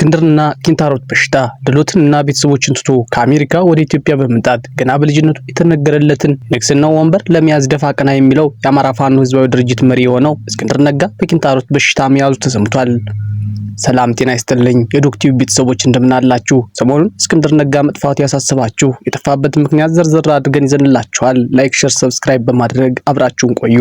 የእስክንድርና ኪንታሮት በሽታ ድሎትንና ቤተሰቦችን ትቶ ከአሜሪካ ወደ ኢትዮጵያ በመምጣት ገና በልጅነቱ የተነገረለትን ንግስናው ወንበር ለመያዝ ደፋ ቀና የሚለው የአማራ ፋኖ ህዝባዊ ድርጅት መሪ የሆነው እስክንድር ነጋ በኪንታሮት በሽታ መያዙ ተሰምቷል። ሰላም ጤና ይስጥልኝ የዶክቲቭ ቤተሰቦች እንደምናላችሁ። ሰሞኑን እስክንድር ነጋ መጥፋቱ ያሳስባችሁ የጠፋበት ምክንያት ዝርዝር አድርገን ይዘንላችኋል። ላይክ፣ ሸር፣ ሰብስክራይብ በማድረግ አብራችሁን ቆዩ።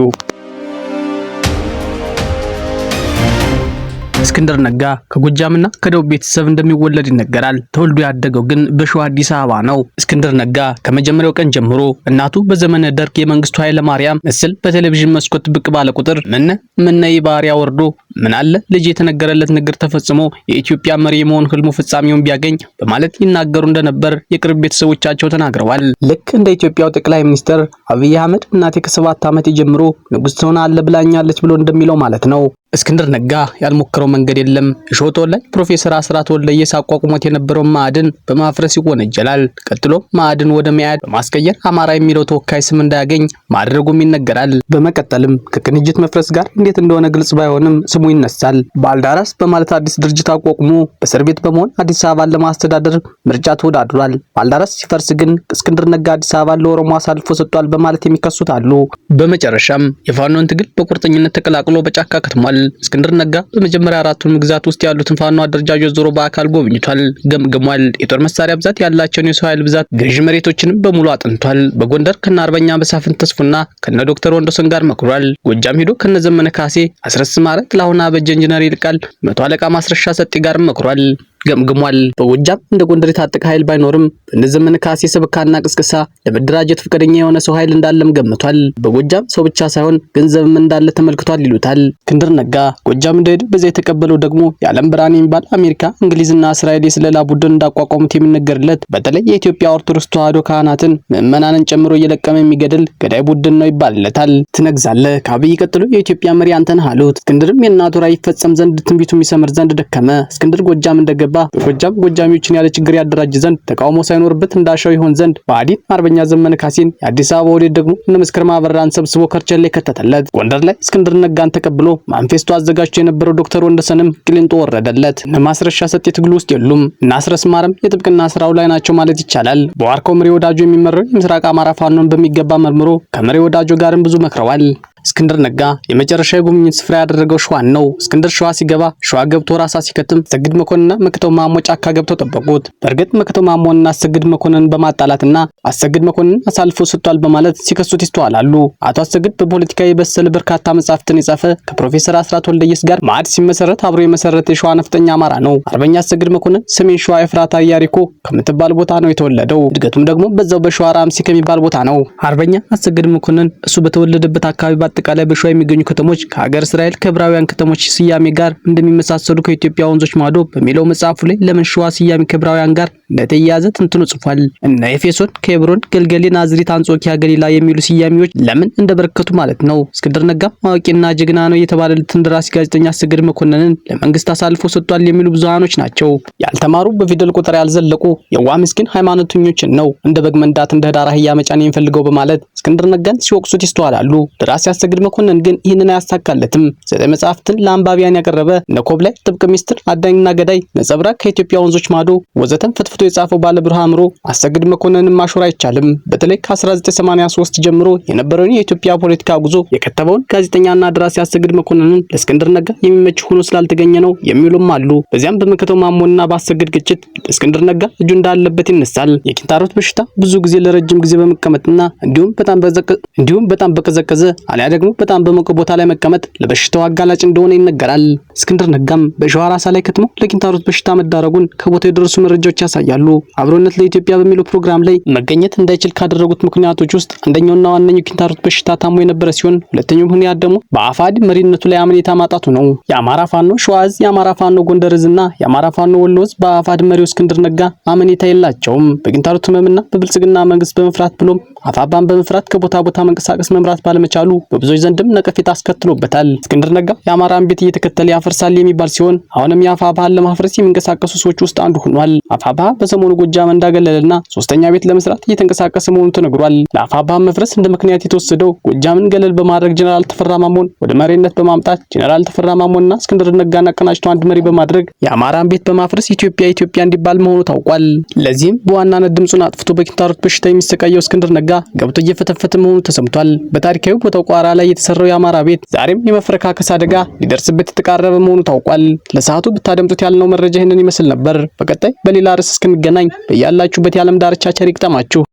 እስክንድር ነጋ ከጎጃምና ከደቡብ ቤተሰብ እንደሚወለድ ይነገራል። ተወልዶ ያደገው ግን በሸዋ አዲስ አበባ ነው። እስክንድር ነጋ ከመጀመሪያው ቀን ጀምሮ እናቱ በዘመነ ደርግ የመንግስቱ ኃይለ ማርያም ምስል በቴሌቪዥን መስኮት ብቅ ባለ ቁጥር ምነ ምነ ባሪያ ወርዶ ምን አለ ልጅ የተነገረለት ነገር ተፈጽሞ የኢትዮጵያ መሪ የመሆን ህልሙ ፍጻሜውን ቢያገኝ በማለት ይናገሩ እንደነበር የቅርብ ቤተሰቦቻቸው ተናግረዋል። ልክ እንደ ኢትዮጵያው ጠቅላይ ሚኒስትር አብይ አህመድ እናቴ ከሰባት ዓመት ጀምሮ ንጉሥ ትሆናለህ ብላኛለች ብሎ እንደሚለው ማለት ነው። እስክንድር ነጋ ያልሞከረው መንገድ የለም። የሾቶ ተወላጅ ፕሮፌሰር አስራት ወልደየስ አቋቁሞት የነበረው ማዕድን በማፍረስ ይወነጀላል። ቀጥሎ ማዕድን ወደ መያድ በማስቀየር አማራ የሚለው ተወካይ ስም እንዳያገኝ ማድረጉም ይነገራል። በመቀጠልም ከቅንጅት መፍረስ ጋር እንዴት እንደሆነ ግልጽ ባይሆንም ስሙ ይነሳል። ባልዳራስ በማለት አዲስ ድርጅት አቋቁሞ በእስር ቤት በመሆን አዲስ አበባን ለማስተዳደር ምርጫ ተወዳድሯል። ባልዳራስ ሲፈርስ ግን እስክንድር ነጋ አዲስ አበባን ለኦሮሞ አሳልፎ ሰጥቷል በማለት የሚከሱት አሉ። በመጨረሻም የፋኖን ትግል በቁርጠኝነት ተቀላቅሎ በጫካ ከትሟል። ተገኝቷል። እስክንድር ነጋ በመጀመሪያ አራቱን ግዛት ውስጥ ያሉትን ፋኖ አደረጃጆች ዞሮ በአካል ጎብኝቷል፣ ገምግሟል። የጦር መሳሪያ ብዛት ያላቸውን የሰው ኃይል ብዛት፣ ገዥ መሬቶችንም በሙሉ አጥንቷል። በጎንደር ከነ አርበኛ መሳፍን ተስፉና ከነ ዶክተር ወንዶሰን ጋር መክሯል። ጎጃም ሄዶ ከነ ዘመነ ካሴ፣ አስረስ ማረ፣ ጥላሁን አበጀ፣ ኢንጂነር ይልቃል፣ መቶ አለቃ ማስረሻ ሰጤ ጋር መክሯል። ገምግሟል። በጎጃም እንደ ጎንደር የታጠቀ ኃይል ባይኖርም ዘመነ ካሴ ስብካና ቅስቅሳ ለመደራጀት ፈቃደኛ የሆነ ሰው ኃይል እንዳለም ገምቷል። በጎጃም ሰው ብቻ ሳይሆን ገንዘብም እንዳለ ተመልክቷል ይሉታል ክንድር ነጋ። ጎጃም እንደሄድ በዛ የተቀበለው ደግሞ የዓለም ብርሃን የሚባል አሜሪካ፣ እንግሊዝና እስራኤል የስለላ ቡድን እንዳቋቋሙት የሚነገርለት በተለይ የኢትዮጵያ ኦርቶዶክስ ተዋሕዶ ካህናትን ምዕመናንን ጨምሮ እየለቀመ የሚገድል ገዳይ ቡድን ነው ይባልለታል። ትነግዛለ ከአብይ ቀጥሎ የኢትዮጵያ መሪ አንተ ነህ አሉት። እስክንድርም የእናቱ ራዕይ ይፈጸም ዘንድ ትንቢቱ ይሰምር ዘንድ ደከመ። እስክንድር ጎጃም እንደገ ገባ። በጎጃም ጎጃሚዎችን ያለ ችግር ያደራጅ ዘንድ ተቃውሞ ሳይኖርበት እንዳሻው ይሆን ዘንድ በአዲን አርበኛ ዘመነ ካሴን፣ የአዲስ አበባ ወዴት ደግሞ እነ መስከረም አበራን ሰብስቦ ከርቸሌ ከተተለት። ጎንደር ላይ እስክንድር ነጋን ተቀብሎ ማንፌስቶ አዘጋጅቶ የነበረው ዶክተር ወንደሰንም ቅሊንጦ ወረደለት። እነ ማስረሻ ሰጤ ትግሉ ውስጥ የሉም። እነ አስረስ ማረም የጥብቅና ስራው ላይ ናቸው ማለት ይቻላል። በዋርካው ምሬ ወዳጆ የሚመራው የምስራቅ አማራ ፋኖን በሚገባ መርምሮ ከምሬ ወዳጆ ጋርም ብዙ መክረዋል። እስክንድር ነጋ የመጨረሻ የጉብኝት ስፍራ ያደረገው ሸዋን ነው። እስክንድር ሸዋ ሲገባ ሸዋ ገብቶ ራሳ ሲከትም ሰግድ መኮንንና መክተው ማሞ ጫካ ገብተው ጠበቁት። በእርግጥ መክተው ማሞንና አሰግድ መኮንን በማጣላትና አሰግድ መኮንን አሳልፎ ሰጥቷል በማለት ሲከሱት ይስተዋላሉ። አቶ አሰግድ በፖለቲካ የበሰለ በርካታ መጻሕፍትን የጻፈ ከፕሮፌሰር አስራት ወልደየስ ጋር ማዕድ ሲመሰረት አብሮ የመሰረተ የሸዋ ነፍጠኛ አማራ ነው። አርበኛ አሰግድ መኮንን ሰሜን ሸዋ የፍራታ ያሪኮ ከምትባል ቦታ ነው የተወለደው። እድገቱም ደግሞ በዛው በሸዋ ራምሲ ከሚባል ቦታ ነው። አርበኛ አሰግድ መኮንን እሱ በተወለደበት አካባቢ በአጠቃላይ በሸዋ የሚገኙ ከተሞች ከሀገር እስራኤል ከብራውያን ከተሞች ስያሜ ጋር እንደሚመሳሰሉ ከኢትዮጵያ ወንዞች ማዶ በሚለው መጽሐፉ ላይ ለምን ሸዋ ስያሜ ከብራውያን ጋር እንደተያያዘ ትንትኖ ጽፏል እና ኤፌሶን፣ ኬብሮን፣ ገልገሌ፣ ናዝሬት፣ አንጾኪያ፣ ገሊላ የሚሉ ስያሜዎች ለምን እንደበረከቱ ማለት ነው። እስክንድር ነጋም አዋቂና ጀግና ነው የተባለለትን ደራሲ ጋዜጠኛ ስግድ መኮንንን ለመንግስት አሳልፎ ሰጥቷል የሚሉ ብዙሃኖች ናቸው። ያልተማሩ በፊደል ቁጥር ያልዘለቁ የዋ ምስኪን ሃይማኖተኞችን ነው እንደ በግ መንዳት እንደ ዳራ አህያ መጫን የሚፈልገው በማለት እስክንድር ነጋን ሲወቅሱት ይስተዋላሉ። ደራሲ የሚያሰግድ መኮንን ግን ይህንን አያሳካለትም። ዘጠኝ መጽሐፍትን ለአንባቢያን ያቀረበ ነኮብ ላይ ጥብቅ ሚስጥር፣ አዳኝና ገዳይ፣ ነጸብራቅ፣ ከኢትዮጵያ ወንዞች ማዶ ወዘተን ፍትፍቶ የጻፈው ባለብርሃ አእምሮ አሰግድ መኮንንን ማሾር አይቻልም። በተለይ ከ1983 ጀምሮ የነበረውን የኢትዮጵያ ፖለቲካ ጉዞ የከተበውን ጋዜጠኛና ደራሲ አሰግድ መኮንንን ለእስክንድር ነጋ የሚመች ሆኖ ስላልተገኘ ነው የሚሉም አሉ። በዚያም በመከተው ማሞና በአሰግድ ግጭት እስክንድር ነጋ እጁ እንዳለበት ይነሳል። የኪንታሮት በሽታ ብዙ ጊዜ ለረጅም ጊዜ በመቀመጥና እንዲሁም በጣም በቀዘቀዘ አልያ ያ ደግሞ በጣም በሞቀ ቦታ ላይ መቀመጥ ለበሽታው አጋላጭ እንደሆነ ይነገራል። እስክንድር ነጋም በሸዋ ራሳ ላይ ከትሞ ለኪንታሮት በሽታ መዳረጉን ከቦታው የደረሱ መረጃዎች ያሳያሉ። አብሮነት ለኢትዮጵያ በሚለው ፕሮግራም ላይ መገኘት እንዳይችል ካደረጉት ምክንያቶች ውስጥ አንደኛውና ዋነኛው ኪንታሮት በሽታ ታሞ የነበረ ሲሆን ሁለተኛው ምክንያት ደግሞ በአፋድ መሪነቱ ላይ አመኔታ ማጣቱ ነው። የአማራ ፋኖ ሸዋዝ፣ የአማራ ፋኖ ጎንደርዝና እና የአማራ ፋኖ ወሎዝ በአፋድ መሪው እስክንድር ነጋ አመኔታ የላቸውም። በኪንታሮት ህመምና በብልጽግና መንግስት በመፍራት ብሎም አፋባን በመፍራት ከቦታ ቦታ መንቀሳቀስ መምራት ባለመቻሉ በብዙዎች ዘንድም ነቀፌት አስከትሎበታል። እስክንድር ነጋ የአማራን ቤት እየተከተለ ያፈርሳል የሚባል ሲሆን አሁንም የአፋብኃን ለማፍረስ የሚንቀሳቀሱ ሰዎች ውስጥ አንዱ ሆኗል። አፋብኃ በሰሞኑ ጎጃም እንዳገለለና ሶስተኛ ቤት ለመስራት እየተንቀሳቀሰ መሆኑ ተነግሯል። ለአፋብኃ መፍረስ እንደ ምክንያት የተወሰደው ጎጃምን ገለል በማድረግ ጀነራል ተፈራ ማሞን ወደ መሪነት በማምጣት ጀነራል ተፈራ ማሞና እስክንድር ነጋን አቀናጅቶ አንድ መሪ በማድረግ የአማራን ቤት በማፍረስ ኢትዮጵያ ኢትዮጵያ እንዲባል መሆኑ ታውቋል። ለዚህም በዋናነት ድምፁን አጥፍቶ በኪንታሮት በሽታ የሚሰቃየው እስክንድር ነጋ ገብቶ እየፈተፈተ መሆኑ ተሰምቷል። በታሪካዊ ቦታው ቋራ ተራራ ላይ የተሰራው የአማራ ቤት ዛሬም የመፈረካከስ አደጋ ሊደርስበት የተቃረበ መሆኑ ታውቋል። ለሰዓቱ ብታደምጡት ያልነው መረጃ ይህንን ይመስል ነበር። በቀጣይ በሌላ ርዕስ እስክንገናኝ በያላችሁበት የዓለም ዳርቻ ቸር ይግጠማችሁ።